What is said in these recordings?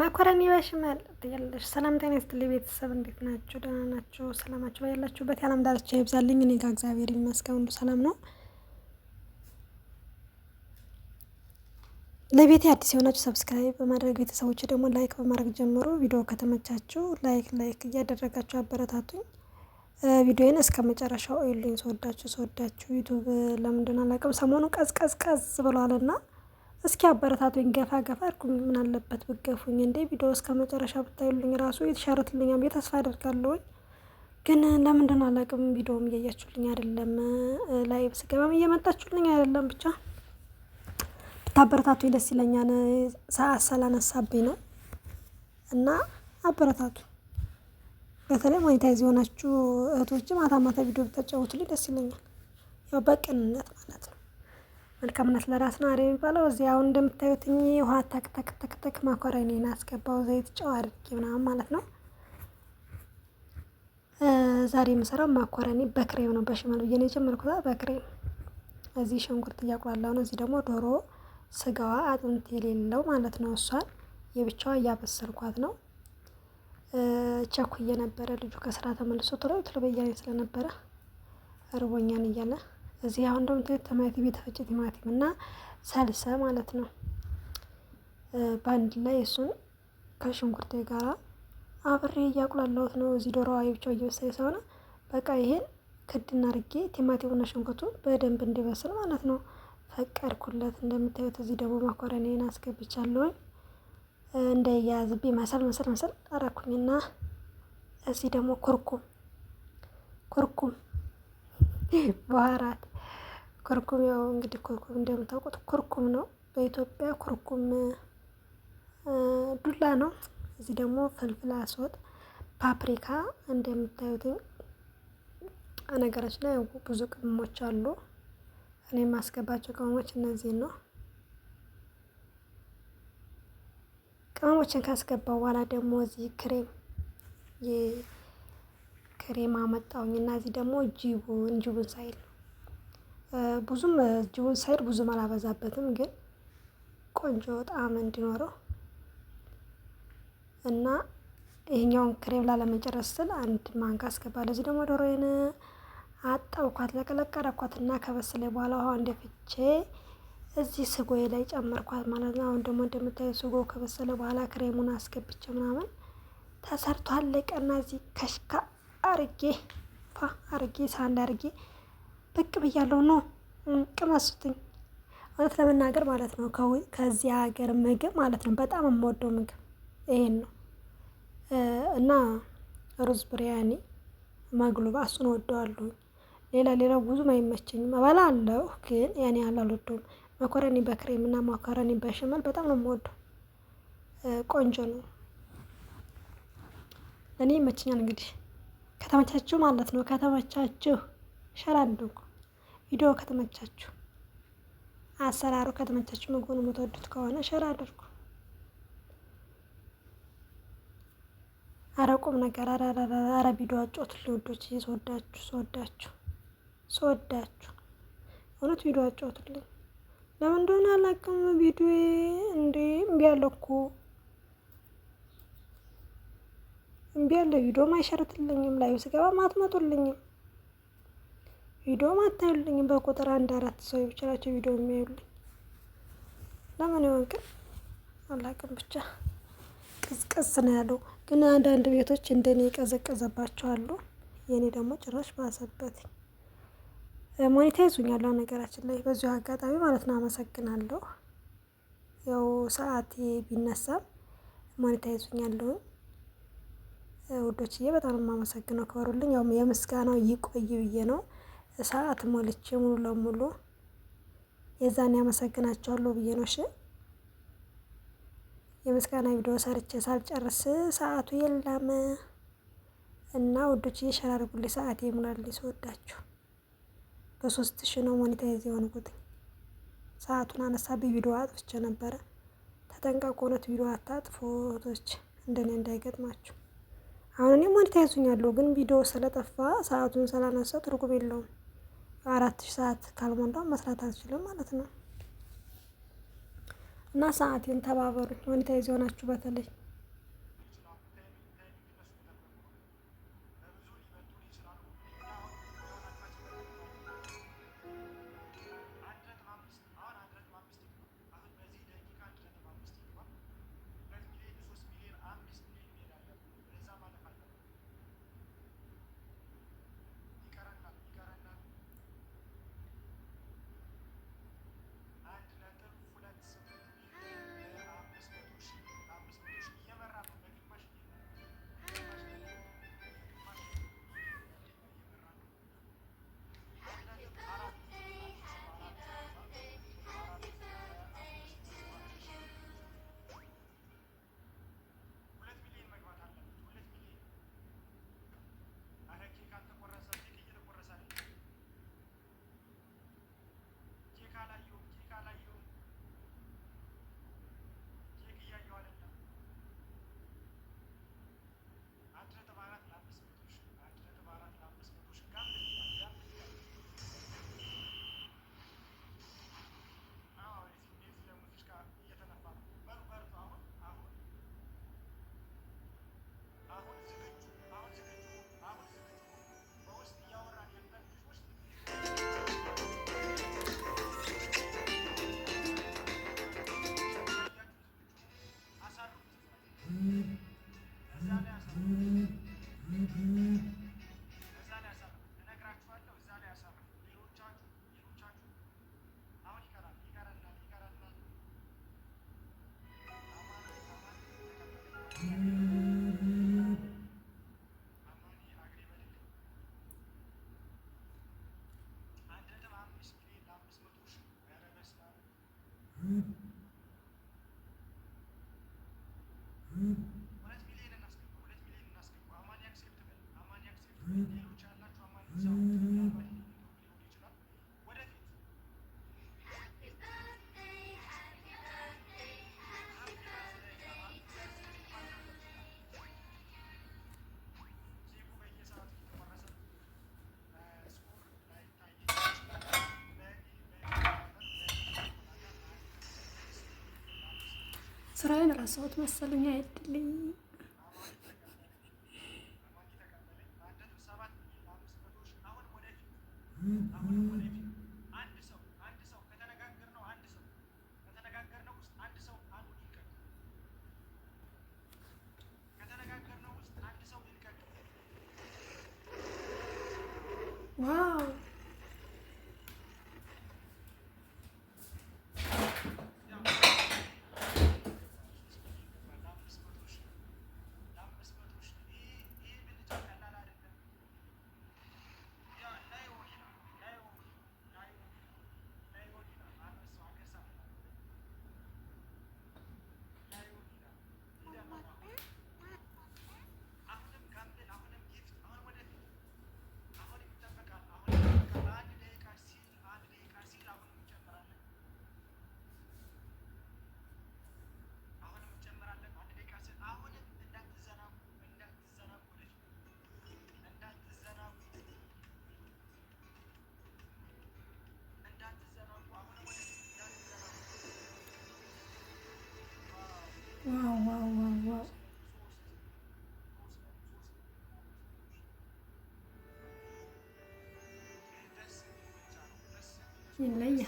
መኮረኒ በሽመል ትያለሽ። ሰላም ጤና ይስጥልኝ ቤተሰብ፣ እንዴት ናችሁ? ደህና ናችሁ? ሰላማችሁ ባላችሁበት የዓለም ዳርቻ ይብዛልኝ። እኔ ጋር እግዚአብሔር ይመስገን ሁሉ ሰላም ነው። ለቤቴ አዲስ የሆናችሁ ሰብስክራይብ በማድረግ ቤተሰቦች ደግሞ ላይክ በማድረግ ጀምሮ ቪዲዮ ከተመቻችሁ ላይክ ላይክ እያደረጋችሁ አበረታቱኝ። ቪዲዮዬን እስከ መጨረሻው እዩልኝ። ሰወዳችሁ ሰወዳችሁ ዩቱብ ለምንድን አላውቅም ሰሞኑ ቀዝቀዝቀዝ ብለዋልና እስኪ አበረታቱኝ፣ ገፋ ገፋ እርጉኝ። ምን አለበት ብገፉኝ እንዴ? ቪዲዮ እስከ መጨረሻ ብታዩልኝ ራሱ የተሻረትልኛ ብዬ ተስፋ አደርጋለሁኝ። ግን ለምንድን አላውቅም፣ ቪዲዮም እያያችሁልኝ አይደለም፣ ላይቭ ስገባም እየመጣችሁልኝ አይደለም። ብቻ ብታበረታቱኝ ደስ ይለኛል። ሰዓት ስላነሳብኝ ነው እና አበረታቱ። በተለይ ሞኔታይዝ የሆናችሁ እህቶች ማታ ማታ ቪዲዮ ብታጫወቱልኝ ደስ ይለኛል። ያው በቅንነት ማለት ነው። መልካምነት ለራስ ነው አይደል የሚባለው። እዚህ አሁን እንደምታዩት ውሃ ተክ ተክ ተክ ተክ ማኮረኒን አስገባው ዘይት፣ ጨው አድርጌ ምናምን ማለት ነው። ዛሬ የምሰራው ማኮረኒ በክሬም ነው። በሽመል ብዬ ነው የጀመርኩት በክሬም እዚህ ሽንኩርት እያቁላላሁ ነው። እዚህ ደግሞ ዶሮ ስጋዋ አጥንት የሌለው ማለት ነው። እሷን የብቻዋ እያበሰልኳት ነው። ቸኩዬ ነበረ ልጁ ከስራ ተመልሶ ቶሎ ቶሎ በያኔ ስለነበረ እርቦኛን እያለ እዚህ አሁን እንደምታዩት ቲማቲም የተፈጨ ቲማቲም እና ሰልሰ ማለት ነው። በአንድ ላይ እሱን ከሽንኩርቴ ጋር አብሬ እያቁላላሁት ነው። እዚህ ዶሮ ብቻው እየበሰለ ስለሆነ በቃ ይሄን ክድና አድርጌ ቲማቲሙና ሽንኩርቱ በደንብ እንዲበስል ማለት ነው ፈቀድኩለት። እንደምታዩት እዚህ ደግሞ ማኮረኔን አስገብቻለሁ እንዳያያዝብኝ መሰል መሰል መሰል አረኩኝና እዚህ ደግሞ ኩርኩም ኩርኩም ባህራት ኩርኩም ያው እንግዲህ ኩርኩም እንደምታውቁት ኩርኩም ነው። በኢትዮጵያ ኩርኩም ዱላ ነው። እዚህ ደግሞ ፍልፍል አስወጥ ፓፕሪካ እንደምታዩት ነገሮች ላይ ብዙ ቅመሞች አሉ። እኔ የማስገባቸው ቅመሞች እነዚህ ነው። ቅመሞችን ካስገባ በኋላ ደግሞ እዚህ ክሬም ክሬም አመጣውኝ እና እዚህ ደግሞ ጅቡን ጅቡን ሳይል ብዙም እጅውን ሳይድ ብዙም አላበዛበትም፣ ግን ቆንጆ ጣዕም እንዲኖረው እና ይሄኛውን ክሬም ላለመጨረስ ስል አንድ ማንካ አስገባለሁ። እዚህ ደግሞ ዶሮዬን አጠብኳት፣ ለቀለቀረኳት እና ከበሰለ በኋላ ውሃ እንደፍቼ እዚህ ስጎዬ ላይ ጨመርኳት ማለት ነው። አሁን ደግሞ እንደምታየው ስጎ ከበሰለ በኋላ ክሬሙን አስገብቼ ምናምን ተሰርቷል። ለቀና እዚህ ከሽካ አርጌ ፋ አርጌ ሳንድ አርጌ ብቅ ብያለሁ ነው። ቅመሱትኝ። እውነት ለመናገር ማለት ነው ከዚህ ሀገር ምግብ ማለት ነው በጣም የምወደው ምግብ ይሄን ነው እና ሩዝ ብሪያኒ መግሉባ እሱን እወደዋለሁ። ሌላ ሌላው ብዙም አይመቸኝም እበላለሁ ግን ያኔ ያለ አልወደውም። መኮረኒ በክሬም እና መኮረኒ በሽመል በጣም ነው የምወደው ቆንጆ ነው። እኔ ይመቸኛል እንግዲህ ከተመቻችሁ ማለት ነው ከተመቻችሁ ሸራ አድርጉ። ቪዲዮ ከተመቻችሁ አሰራሩ ከተመቻችሁ ምግቡን የምትወዱት ከሆነ ሸር አድርጉ። አረ ቁም ነገር አረ ቪዲዮ አጫወቱ ልወዶች እየተወዳችሁ ስወዳችሁ ስወዳችሁ እውነት ቪዲዮ አጫወቱልኝ። ለምን እንደሆነ አላውቅም። ቪዲዮ እንዴ እምቢ አለ እኮ እምቢ አለ። ቪዲዮም አይሸርትልኝም፣ ላዩ ስገባም አትመጡልኝም። ቪዲዮም አታዩልኝም። በቁጥር አንድ አራት ሰው ናቸው ቪዲዮ የሚያዩልኝ። ለምን ይሆን ግን አላቅም። ብቻ ቅዝቅዝ ነው ያለው። ግን አንዳንድ ቤቶች እንደኔ የቀዘቀዘባቸው አሉ። የእኔ ደግሞ ጭራሽ ባሰበት። ሞኔታይዙኝ ያለው ነገራችን ላይ በዚሁ አጋጣሚ ማለት ነው አመሰግናለሁ። ያው ሰዓት ቢነሳም ሞኔታይዙኝ ያለውን ውዶችዬ በጣም የማመሰግነው ክበሩልኝ። ያው የምስጋናው ይቆይ ብዬ ነው። ሰዓት ሞልቼ ሙሉ ለሙሉ የዛን ያመሰግናቸዋለሁ ብዬ ነው። እሺ የምስጋና ቪዲዮ ሰርቼ ሳልጨርስ ሰዓቱ የለም እና ውዶች እየሸራርጉልኝ ሰዓት ይሙላልኝ። ስወዳችሁ በሶስት ሺ ነው ሞኔታይዝ የሆንኩት። ሰዓቱን አነሳ በቪዲዮ አጥፍቼ ነበረ። ተጠንቀቁ፣ እውነት ቪዲዮ አታጥፉ እህቶች፣ እንደኔ እንዳይገጥማችሁ። አሁን እኔ ሞኔታይዙኛለሁ፣ ግን ቪዲዮ ስለጠፋ ሰዓቱን ስላነሳ ትርጉም የለውም። አራት ሺህ ሰዓት ካልሞላው መስራት አልችልም ማለት ነው። እና ሰዓቴን ተባበሩ ሞኔታይዝ የሆናችሁ በተለይ Mm-hmm. ስራዬን ረሳሁት መሰለኝ አይደልኝ። nhìn lấy vậy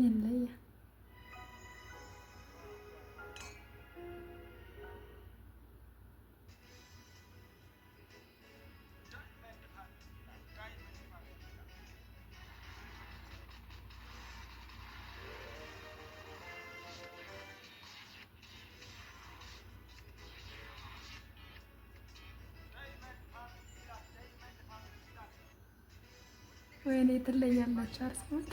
Nhìn ly à? ወይኔ የተለያላቸው አርስሞት